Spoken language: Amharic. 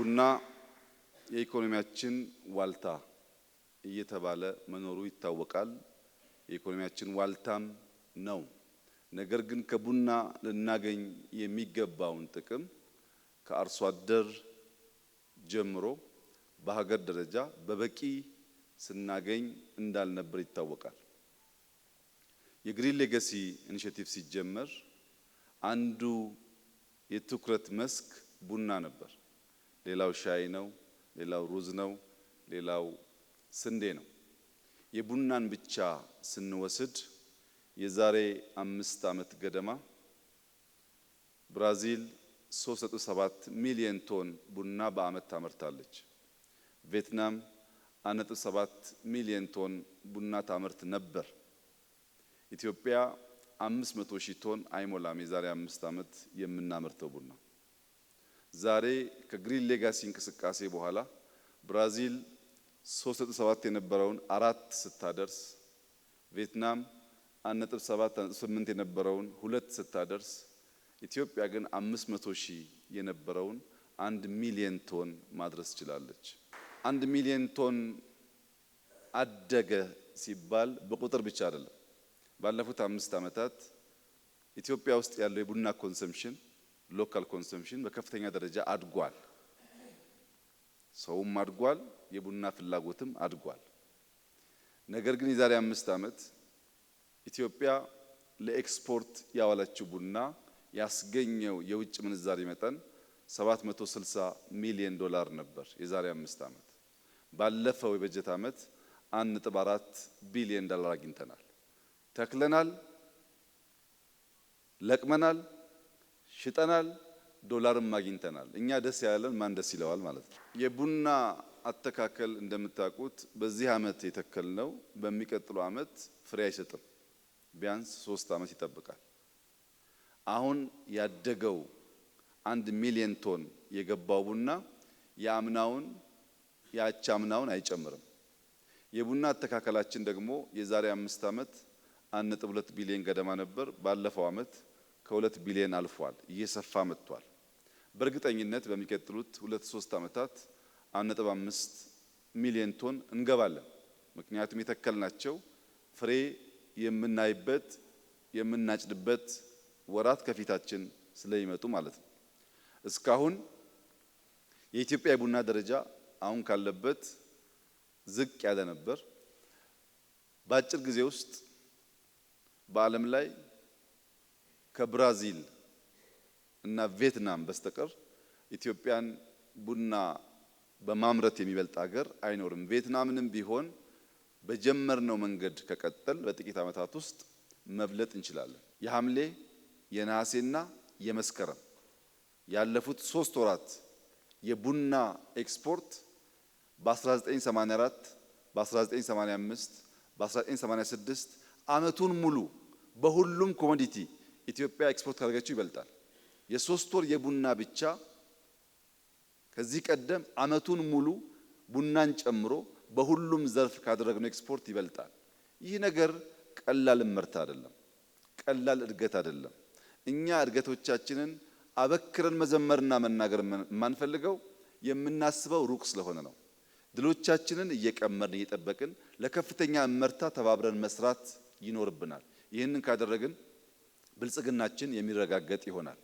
ቡና የኢኮኖሚያችን ዋልታ እየተባለ መኖሩ ይታወቃል። የኢኮኖሚያችን ዋልታም ነው። ነገር ግን ከቡና ልናገኝ የሚገባውን ጥቅም ከአርሶ አደር ጀምሮ በሀገር ደረጃ በበቂ ስናገኝ እንዳልነበር ይታወቃል። የግሪን ሌጋሲ ኢኒሽቲቭ ሲጀመር አንዱ የትኩረት መስክ ቡና ነበር። ሌላው ሻይ ነው፣ ሌላው ሩዝ ነው፣ ሌላው ስንዴ ነው። የቡናን ብቻ ስንወስድ የዛሬ አምስት ዓመት ገደማ ብራዚል 3.7 ሚሊዮን ቶን ቡና በዓመት ታመርታለች። ቪየትናም 1.7 ሚሊዮን ቶን ቡና ታመርት ነበር። ኢትዮጵያ 500 ሺህ ቶን አይሞላም የዛሬ አምስት ዓመት የምናመርተው ቡና ዛሬ ከግሪን ሌጋሲ እንቅስቃሴ በኋላ ብራዚል 3.7 የነበረውን አራት ስታደርስ ቪየትናም 1.7 1.8 የነበረውን ሁለት ስታደርስ ኢትዮጵያ ግን 500 ሺህ የነበረውን አንድ ሚሊየን ቶን ማድረስ ችላለች። አንድ ሚሊየን ቶን አደገ ሲባል በቁጥር ብቻ አይደለም። ባለፉት አምስት ዓመታት ኢትዮጵያ ውስጥ ያለው የቡና ኮንሰምፕሽን ሎካል ኮንሰምፕሽን በከፍተኛ ደረጃ አድጓል። ሰውም አድጓል፣ የቡና ፍላጎትም አድጓል። ነገር ግን የዛሬ አምስት ዓመት ኢትዮጵያ ለኤክስፖርት ያዋለችው ቡና ያስገኘው የውጭ ምንዛሪ መጠን 760 ሚሊዮን ዶላር ነበር። የዛሬ አምስት ዓመት ባለፈው የበጀት ዓመት 1.4 ቢሊዮን ዶላር አግኝተናል። ተክለናል፣ ለቅመናል ሽጠናል፣ ዶላርም አግኝተናል። እኛ ደስ ያለን ማን ደስ ይለዋል ማለት ነው። የቡና አተካከል እንደምታውቁት በዚህ አመት ነው በሚቀጥለው አመት ፍሬ አይሰጥም። ቢያንስ ሶስት አመት ይጠብቃል። አሁን ያደገው አንድ ሚሊዮን ቶን የገባው ቡና የአምናውን አምናውን አይጨምርም። የቡና አተካከላችን ደግሞ የዛሬ አምስት አመት አንድ ነጥብ ሁለት ቢሊዮን ገደማ ነበር። ባለፈው አመት ከሁለት ቢሊዮን አልፏል፣ እየሰፋ መጥቷል። በእርግጠኝነት በሚቀጥሉት ሁለት ሶስት ዓመታት አንድ ነጥብ አምስት ሚሊዮን ቶን እንገባለን። ምክንያቱም የተከልናቸው ፍሬ የምናይበት የምናጭድበት ወራት ከፊታችን ስለሚመጡ ማለት ነው። እስካሁን የኢትዮጵያ የቡና ደረጃ አሁን ካለበት ዝቅ ያለ ነበር። በአጭር ጊዜ ውስጥ በዓለም ላይ ከብራዚል እና ቪየትናም በስተቀር ኢትዮጵያን ቡና በማምረት የሚበልጥ ሀገር አይኖርም። ቪየትናምንም ቢሆን በጀመርነው መንገድ ከቀጠል በጥቂት ዓመታት ውስጥ መብለጥ እንችላለን። የሐምሌ የነሐሴና የመስከረም ያለፉት ሶስት ወራት የቡና ኤክስፖርት በ1984 በ1985 በ1986 ዓመቱን ሙሉ በሁሉም ኮሞዲቲ ኢትዮጵያ ኤክስፖርት ካደረገችው ይበልጣል። የሶስት ወር የቡና ብቻ ከዚህ ቀደም አመቱን ሙሉ ቡናን ጨምሮ በሁሉም ዘርፍ ካደረግነው ኤክስፖርት ይበልጣል። ይህ ነገር ቀላል ምርት አይደለም፣ ቀላል እድገት አይደለም። እኛ እድገቶቻችንን አበክረን መዘመርና መናገር የማንፈልገው የምናስበው ሩቅ ስለሆነ ነው። ድሎቻችንን እየቀመርን እየጠበቅን ለከፍተኛ እመርታ ተባብረን መስራት ይኖርብናል። ይህንን ካደረግን ብልጽግናችን የሚረጋገጥ ይሆናል።